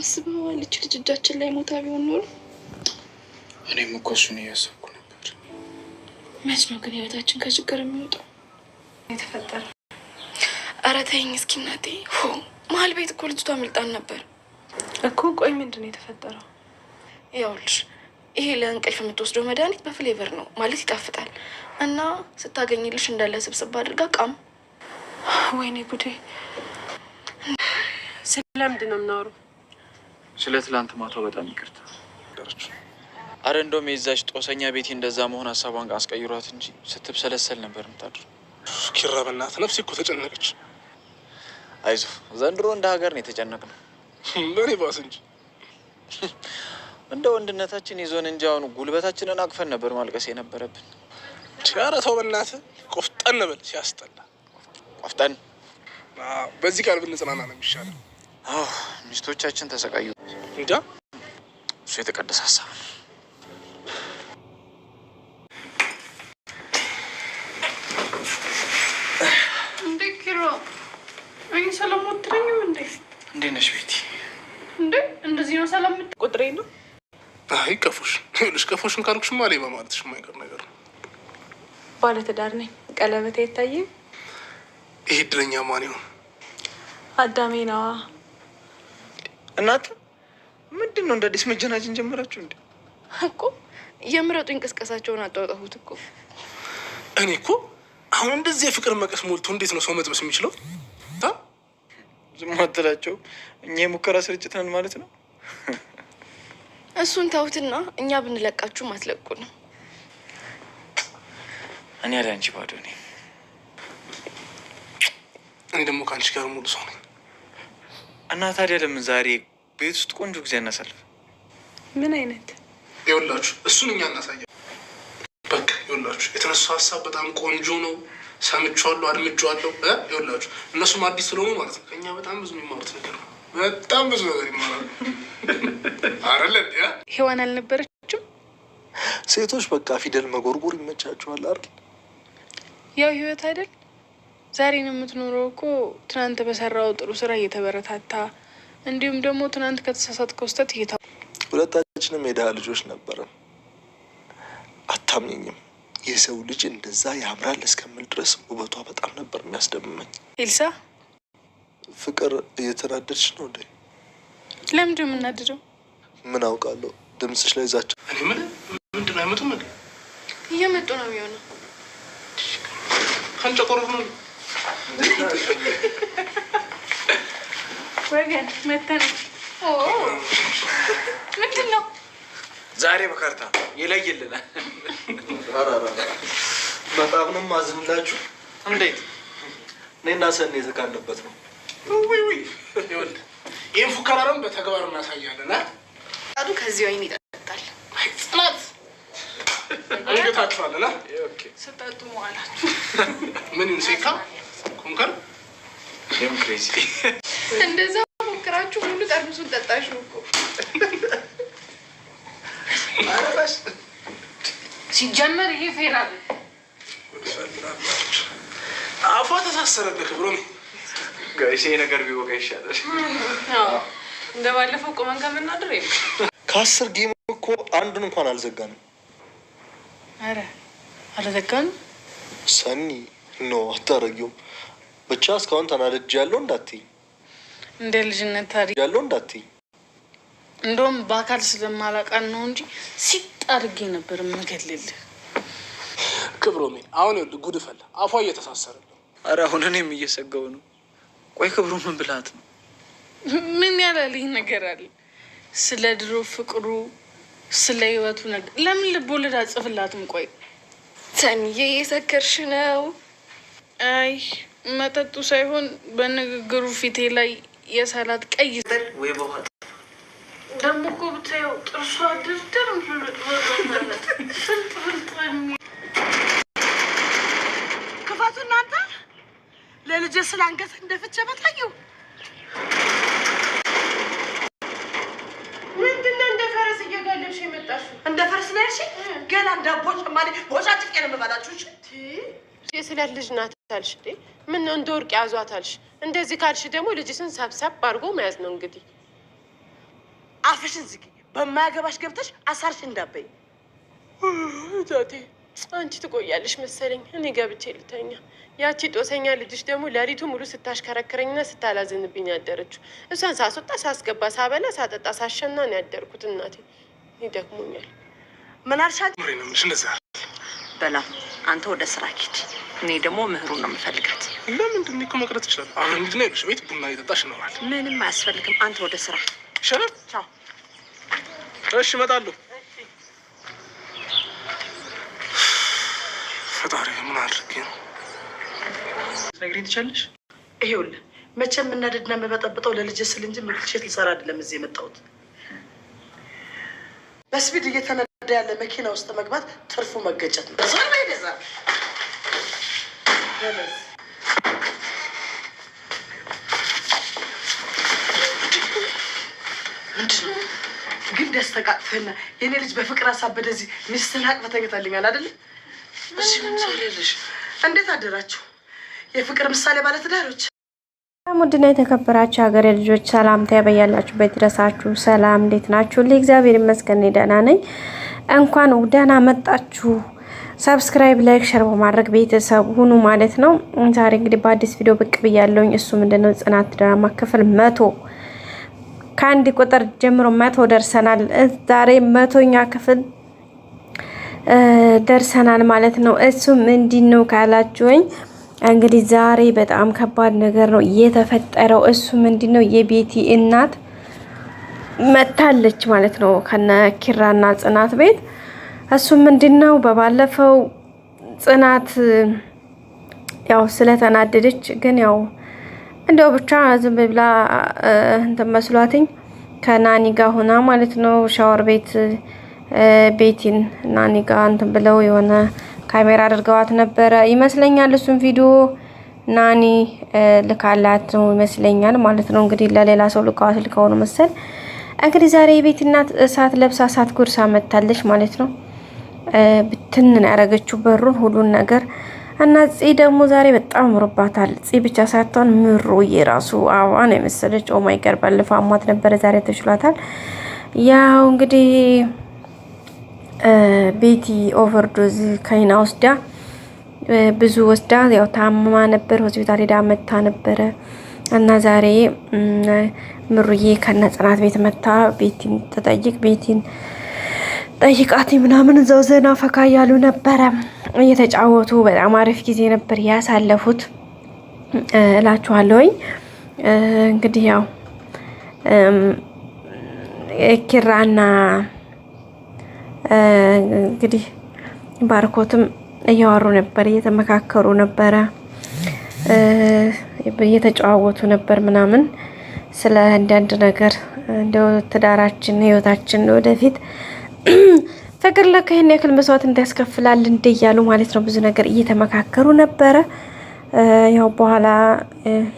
አስበዋል። እች ልጅ እጃችን ላይ ሞታ ቢሆን ኖሮ እኔም እኮ እሱን እያሰብኩ ነበር። መች ነው ግን ህይወታችን ከችግር የሚወጣው? የተፈጠረ ኧረ ተይኝ እስኪ እናቴ። ሆ መሀል ቤት እኮ ልጅቷ አምልጣን ነበር እኮ። ቆይ ምንድን ነው የተፈጠረው? ይኸውልሽ ይሄ ለእንቅልፍ የምትወስደው መድኃኒት በፍሌቨር ነው ማለት ይጣፍጣል። እና ስታገኝልሽ እንዳለ ስብስብ አድርጋ ቃም። ወይኔ ጉዴ ለምንድን ነው የምናወራው? ስለ ትላንት ማታው በጣም ይቅርታ። አረ እንደውም የዛች ጦሰኛ ቤቴ እንደዛ መሆን ሀሳቧን አስቀይሯት እንጂ ስትብሰለሰል ነበር የምታድር። ኪራ በእናትህ ነፍሴ እኮ ተጨነቀች። አይዞ ዘንድሮ እንደ ሀገር ነው የተጨነቅነው። በእኔ ባስ እንጂ እንደ ወንድነታችን ይዞን እንጂ አሁን ጉልበታችንን አቅፈን ነበር ማልቀስ የነበረብን። ኧረ ተው በእናትህ ቆፍጠን በል፣ ሲያስጠላ ቆፍጠን። በዚህ ቃል ብንጽናና ነው የሚሻለው። ሚስቶቻችን ተሰቃዩ። እንጃ እሱ የተቀደሰ ሀሳብ ነው። እንዴ ኪራ፣ እኔ ሰላም አትለኝም እንዴ? እንዴት ነሽ ቤቲ? እንዴ እንደዚህ ነው ሰላም ነው? አይ ቀፎሽ ቀፎሽን የማይቀር ነገር ነው። ባለትዳር ነኝ። ቀለበት አይታይም። ይሄ እድለኛ ማን ይሆን? አዳሜ ነዋ። እናት ምንድን ነው እንደ አዲስ መጀናጅን ጀመራችሁ እንዴ? እኮ የምረጡ እንቅስቀሳቸውን አጣወጣሁት እኮ። እኔ እኮ አሁን እንደዚህ የፍቅር መቀስ ሞልቶ እንዴት ነው ሰው መጥበስ የሚችለው? ዝም አትላቸው። እኛ የሙከራ ስርጭት ነን ማለት ነው። እሱን ታውትና እኛ ብንለቃችሁም ነው። እኔ ያለ ባዶ እኔ ደግሞ ከአንቺ ጋር ሙሉ ሰው ነኝ። እና ታዲያ ለምን ዛሬ ቤት ውስጥ ቆንጆ ጊዜ እናሳልፍ? ምን አይነት ይኸውላችሁ፣ እሱን እኛ እናሳየ በቃ ይኸውላችሁ፣ የተነሱ ሀሳብ በጣም ቆንጆ ነው። ሰምቼዋለሁ፣ አድምጬዋለሁ። ይኸውላችሁ፣ እነሱም አዲስ ስለሆኑ ማለት ነው ከእኛ በጣም ብዙ የሚማሩት ነገር ነው። በጣም ብዙ ነገር ይማራሉ። አረለ ሔዋን አልነበረችም። ሴቶች በቃ ፊደል መጎርጎር ይመቻቸዋል አይደል? ያው ህይወት አይደል ዛሬን የምትኖረው እኮ ትናንት በሰራው ጥሩ ስራ እየተበረታታ እንዲሁም ደግሞ ትናንት ከተሳሳትከው ስህተት እየታ ሁለታችንም የድሃ ልጆች ነበርን። አታምኝም? የሰው ልጅ እንደዛ ያምራል እስከምል ድረስ ውበቷ በጣም ነበር የሚያስደምመኝ። ኤልሳ ፍቅር እየተናደድች ነው እንዴ? ለምንድ ነው የምናደደው? ምን አውቃለሁ። ድምፅሽ ላይ ዛቸው ምንድን ነው አይመጡም እንዴ? እየመጡ ነው የሚሆነው። ከንጨቆሮ ነው ወገን መተን ምንድን ነው ዛሬ በካርታ ይለይልናል። በጣም ነው ማዝንላችሁ። እንዴት እኔና ሰኔ የተካለበት ነው። ይህን ፉከራም በተግባር እናሳያለና ጣዱ ከዚህ ወይን ይጠጣል። ጽናት እንግታችኋለን። ስጠጡ መዋላችሁ ምን ይንሴካ ኮንከር እንደዛ ሞክራችሁ ሙሉ ጠርሙሱን ጠጣችሁ እኮ ሲጀመር ይሄ ፌራ አፏ ተሳሰረብህ ብሎ ጋይሴ ነገር ቢወጋ ይሻላል። እንደ ባለፈው ቁመን ከምናድር የለ ከአስር ጌም እኮ አንዱን እንኳን አልዘጋንም። ኧረ አልዘጋንም ሰኒ ኖ አታረጊውም። ብቻ እስካሁን ተናደጅ ያለው እንዳትይ፣ እንደ ልጅነት ታሪ ያለው እንዳትይ። እንደውም በአካል ስለማላቃን ነው እንጂ ሲጥ አድርጌ ነበር የምገልልህ። ክብሮሜ አሁን ጉድ ፈላ። አፏ እየተሳሰረ ነው። አረ አሁን እኔም እየሰገው ነው። ቆይ ክብሩ ምን ብላት ነው? ምን ያላለኝ ነገር አለ? ስለ ድሮ ፍቅሩ፣ ስለ ህይወቱ ነገር ለምን ልቦለድ አጽፍላትም? ቆይ ተንዬ እየሰከርሽ ነው አይ መጠጡ ሳይሆን በንግግሩ ፊቴ ላይ የሰላት ቀይ ወይ ደግሞ እኮ ብታየው ጥርሷ ድርድር ክፋቱ እናንተ ለልጄ ስለ አንገት እንደፍቼ በታዩ ምንድነው እንደ ፈረስ እየጋለብሽ የመጣሽው? እንደ ፈረስ ነው ያልሽኝ? ገና እንዳቦጭ ማለት ቦጫጭቄ ነው የምበላችሁ። የስለት ልጅ ናት ታልሽ ምን ነው እንደ ወርቅ ያዟታልሽ። እንደዚህ ካልሽ ደግሞ ልጅሽን ሰብሰብ አድርጎ መያዝ ነው እንግዲህ። አፍሽን ዝጊ። በማያገባሽ ገብተሽ አሳርሽ እንዳበይ ዛቴ አንቺ ትቆያለሽ መሰለኝ። እኔ ገብቼ ልተኛ። ያቺ ጦሰኛ ልጅሽ ደግሞ ለሊቱ ሙሉ ስታሽከረክረኝና ስታላዝንብኝ ያደረችው እሷን ሳስወጣ ሳስገባ፣ ሳበላ፣ ሳጠጣ፣ ሳሸና ነው ያደርኩት። እናቴ ይደክሞኛል። ምን ነዛ በላ አንተ ወደ ስራ ሂድ፣ እኔ ደግሞ ምህሩን ነው የምፈልጋት። ለምንድን ነው እኮ መቅረት ይችላል። አሁን እንግዲህ ነው ቤት ቡና እየጠጣሽ ይኖራል። ምንም አያስፈልግም። አንተ ወደ ስራ ይሻላል። እሺ እመጣለሁ። ፈጣሪ ምን አድርጌ ነው ነግሪኝ ትችላለሽ። ይኸውልህ መቼም የምናደድና የምበጠብጠው ለልጅ ስል እንጂ ምክትሸት ልሰራ አይደለም እዚህ የመጣሁት በስቢድ እየተነ እዳ ያለ መኪና ውስጥ መግባት ትርፉ መገጨት ነው። ግን ደስ ተቃቅፈና የኔ ልጅ በፍቅር ሀሳብ በደዚህ ሚስትህን አቅፈህ ተኝታልኛል አይደለም? እንዴት አደራችሁ የፍቅር ምሳሌ ባለትዳሮች። ሙድና የተከበራችሁ ሀገሬ ልጆች ሰላምታ ያበያላችሁበት ይድረሳችሁ። ሰላም እንዴት ናችሁ? እግዚአብሔር ይመስገን ደህና ነኝ። እንኳን ደህና መጣችሁ። ሰብስክራይብ፣ ላይክ፣ ሸር በማድረግ ቤተሰብ ሁኑ ማለት ነው። ዛሬ እንግዲህ በአዲስ ቪዲዮ ብቅ ብያለሁኝ። እሱ ምንድነው ጽናት ድራማ ክፍል መቶ ከአንድ ቁጥር ጀምሮ መቶ ደርሰናል። ዛሬ መቶኛ ክፍል ደርሰናል ማለት ነው። እሱ ምንድን ነው ካላችሁኝ እንግዲህ ዛሬ በጣም ከባድ ነገር ነው የተፈጠረው። እሱ ምንድን ነው የቤቲ እናት መታለች ማለት ነው ከነ ኪራና ጽናት ቤት። እሱም ምንድን ነው በባለፈው ጽናት ያው ስለተናደደች ግን ያው እንደው ብቻ ዝም ብላ እንትን መስሏትኝ ከናኒ ጋ ሆና ማለት ነው ሻወር ቤት ቤቲን ናኒ ጋ እንትን ብለው የሆነ ካሜራ አድርገዋት ነበረ ይመስለኛል። እሱም ቪዲዮ ናኒ ልካላት ነው ይመስለኛል ማለት ነው እንግዲህ ለሌላ ሰው ልካዋት ልከው ነው መሰል እንግዲህ ዛሬ የቤት እናት እሳት ለብሳ እሳት ጉርሳ መታለች ማለት ነው። ብትን ያደረገችው በሩን ሁሉን ነገር እና ጺ ደግሞ ዛሬ በጣም ምሮባታል። ጺ ብቻ ሳትሆን ምሮ የራሱ አበባ ነው የመሰለች። ኦማይ ጋር ባለፈው አሟት ነበረ፣ ዛሬ ተችሏታል። ያው እንግዲህ ቤቲ ኦቨርዶዝ ከይና ወስዳ ብዙ ወስዳ ያው ታማ ነበር፣ ሆስፒታል ሄዳ መታ ነበረ እና ዛሬ ምሩዬ ከነ ጽናት ቤት መታ ቤቲን ተጠይቅ ቤቲን ጠይቃት ምናምን እዛው ዘና ፈካ እያሉ ነበረ እየተጫወቱ በጣም አሪፍ ጊዜ ነበር ያሳለፉት እላችኋለሁኝ። እንግዲህ ያው ኪራና እንግዲህ ባርኮትም እያወሩ ነበር፣ እየተመካከሩ ነበረ። እየተጨዋወቱ ነበር ምናምን ስለ አንዳንድ ነገር እንደው ትዳራችን ህይወታችን ወደፊት ፍቅር ለካ ይህን ያክል መስዋዕት እንዲያስከፍላል እንደ እያሉ ማለት ነው ብዙ ነገር እየተመካከሩ ነበረ። ያው በኋላ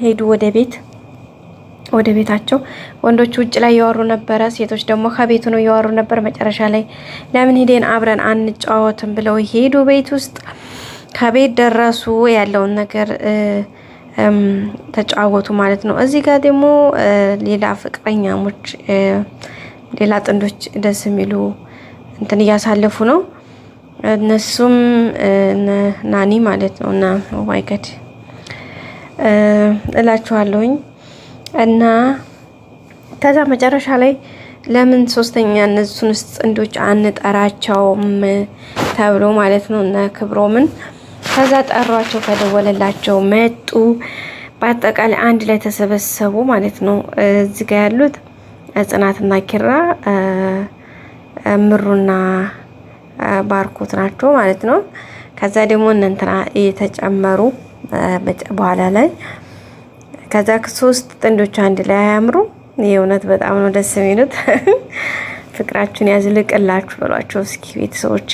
ሄዱ ወደ ቤት ወደ ቤታቸው። ወንዶች ውጭ ላይ እያወሩ ነበረ፣ ሴቶች ደግሞ ከቤቱ ነው እያወሩ ነበር። መጨረሻ ላይ ለምን ሄደን አብረን አንጫወትም ብለው ሄዱ ቤት ውስጥ። ከቤት ደረሱ ያለውን ነገር ተጫወቱ ማለት ነው። እዚህ ጋር ደግሞ ሌላ ፍቅረኛሞች፣ ሌላ ጥንዶች ደስ የሚሉ እንትን እያሳለፉ ነው። እነሱም ናኒ ማለት ነው እና ዋይገድ እላችኋለሁኝ እና ከዛ መጨረሻ ላይ ለምን ሶስተኛ እነሱን ጥንዶች አንጠራቸውም ተብሎ ማለት ነው እና ክብሮምን ከዛ ጠሯቸው፣ ከደወለላቸው መጡ። በአጠቃላይ አንድ ላይ ተሰበሰቡ ማለት ነው። እዚህ ጋ ያሉት ጽናትና ኪራ ምሩና ባርኮት ናቸው ማለት ነው። ከዛ ደግሞ እነንትና እየተጨመሩ በኋላ ላይ ከዛ ሶስት ጥንዶች አንድ ላይ አያምሩ። የእውነት በጣም ነው ደስ የሚሉት። ፍቅራችን ያዝልቅላችሁ ብሏቸው እስኪ ቤተሰቦቼ።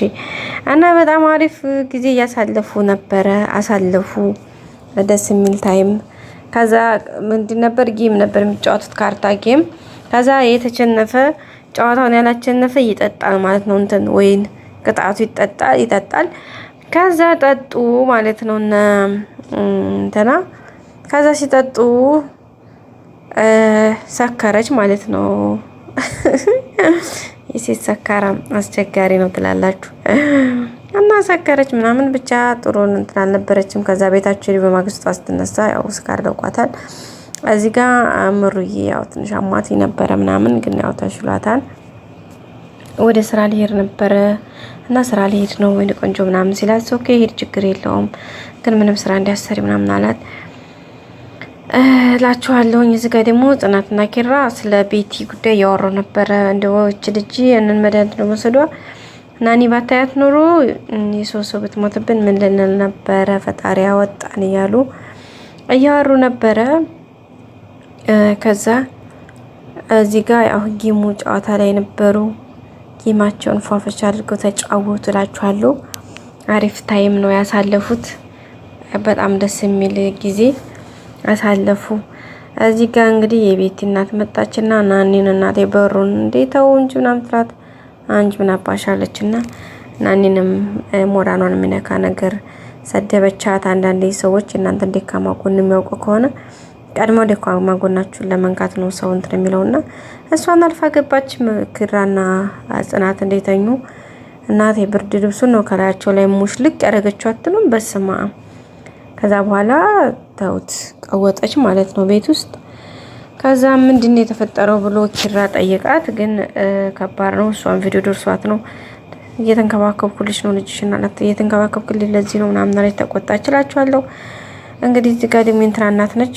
እና በጣም አሪፍ ጊዜ እያሳለፉ ነበረ፣ አሳለፉ ደስ የሚል ታይም። ከዛ ምንድን ነበር ጌም ነበር የሚጫወቱት ካርታ ጌም። ከዛ የተሸነፈ ጨዋታውን ያላቸነፈ ይጠጣል ማለት ነው እንትን ወይን ቅጣቱ ይጠጣል ይጠጣል። ከዛ ጠጡ ማለት ነው እንትና ከዛ ሲጠጡ ሰከረች ማለት ነው። የሴት ሰካራ አስቸጋሪ ነው ትላላችሁ። እና ሰከረች ምናምን ብቻ ጥሩ እንትን አልነበረችም። ከዛ ቤታችሁ ሄድ በማግስቷ ስትነሳ ያው ስካር ደቋታል። እዚህ ጋ ምሩዬ ያው ትንሽ አሟት ነበረ ምናምን፣ ግን ያው ተሽሏታል። ወደ ስራ ሊሄድ ነበረ እና ስራ ሊሄድ ነው ወይ ቆንጆ ምናምን ሲላት ኦኬ ሄድ ችግር የለውም ግን ምንም ስራ እንዲያሰሪ ምናምን አላት። እላችኋለሁኝ። እዚህ ጋር ደግሞ ጽናትና ኪራ ስለ ቤቲ ጉዳይ ያወራው ነበረ። እንደወች ልጅ ያንን መድኃኒት ነው መሰዷ ናኒ ባታያት ኖሮ የሶስት ሰው ብትሞትብን ምን ልንል ነበረ? ፈጣሪ ያወጣን እያሉ እያወሩ ነበረ። ከዛ እዚህ ጋር አሁን ጌሙ ጨዋታ ላይ ነበሩ። ጌማቸውን ፏፈሻ አድርገው ተጫወቱ እላችኋለሁ። አሪፍ ታይም ነው ያሳለፉት። በጣም ደስ የሚል ጊዜ አሳለፉ። እዚህ ጋር እንግዲህ የቤቲ እናት መጣችና ናኒን እናቴ በሩን እንዴተው እንጂ ምናምን ትላት አንቺ ምን አባሻለችና ናኒንም ሞራኗን የሚነካ ነገር ሰደበቻት። አንዳንዴ ሰዎች እናንተ ደካማ ጎን የሚያውቁ ከሆነ ቀድሞ ደካማ ጎናችሁን ለመንካት ነው ሰው እንትን የሚለውና እሷን አልፋ ገባች። ኪራና ጽናት እንዴተኙ እናቴ ብርድ ልብሱን ነው ከላያቸው ላይ ልቅ ያደረገችው። አትሉም በስማ ከዛ በኋላ ተውት ቀወጠች ማለት ነው ቤት ውስጥ። ከዛ ምንድን ነው የተፈጠረው ብሎ ኪራ ጠይቃት፣ ግን ከባድ ነው። እሷን ቪዲዮ ደርሷት ነው እየተንከባከብኩልሽ ነው ልጅሽን አላት። እየተንከባከብኩልሽ ለዚህ ነው ምናምን ተቆጣ ተቆጣችላችኋለሁ። እንግዲህ እዚህ ጋር ደግሞ የእንትና እናት ነች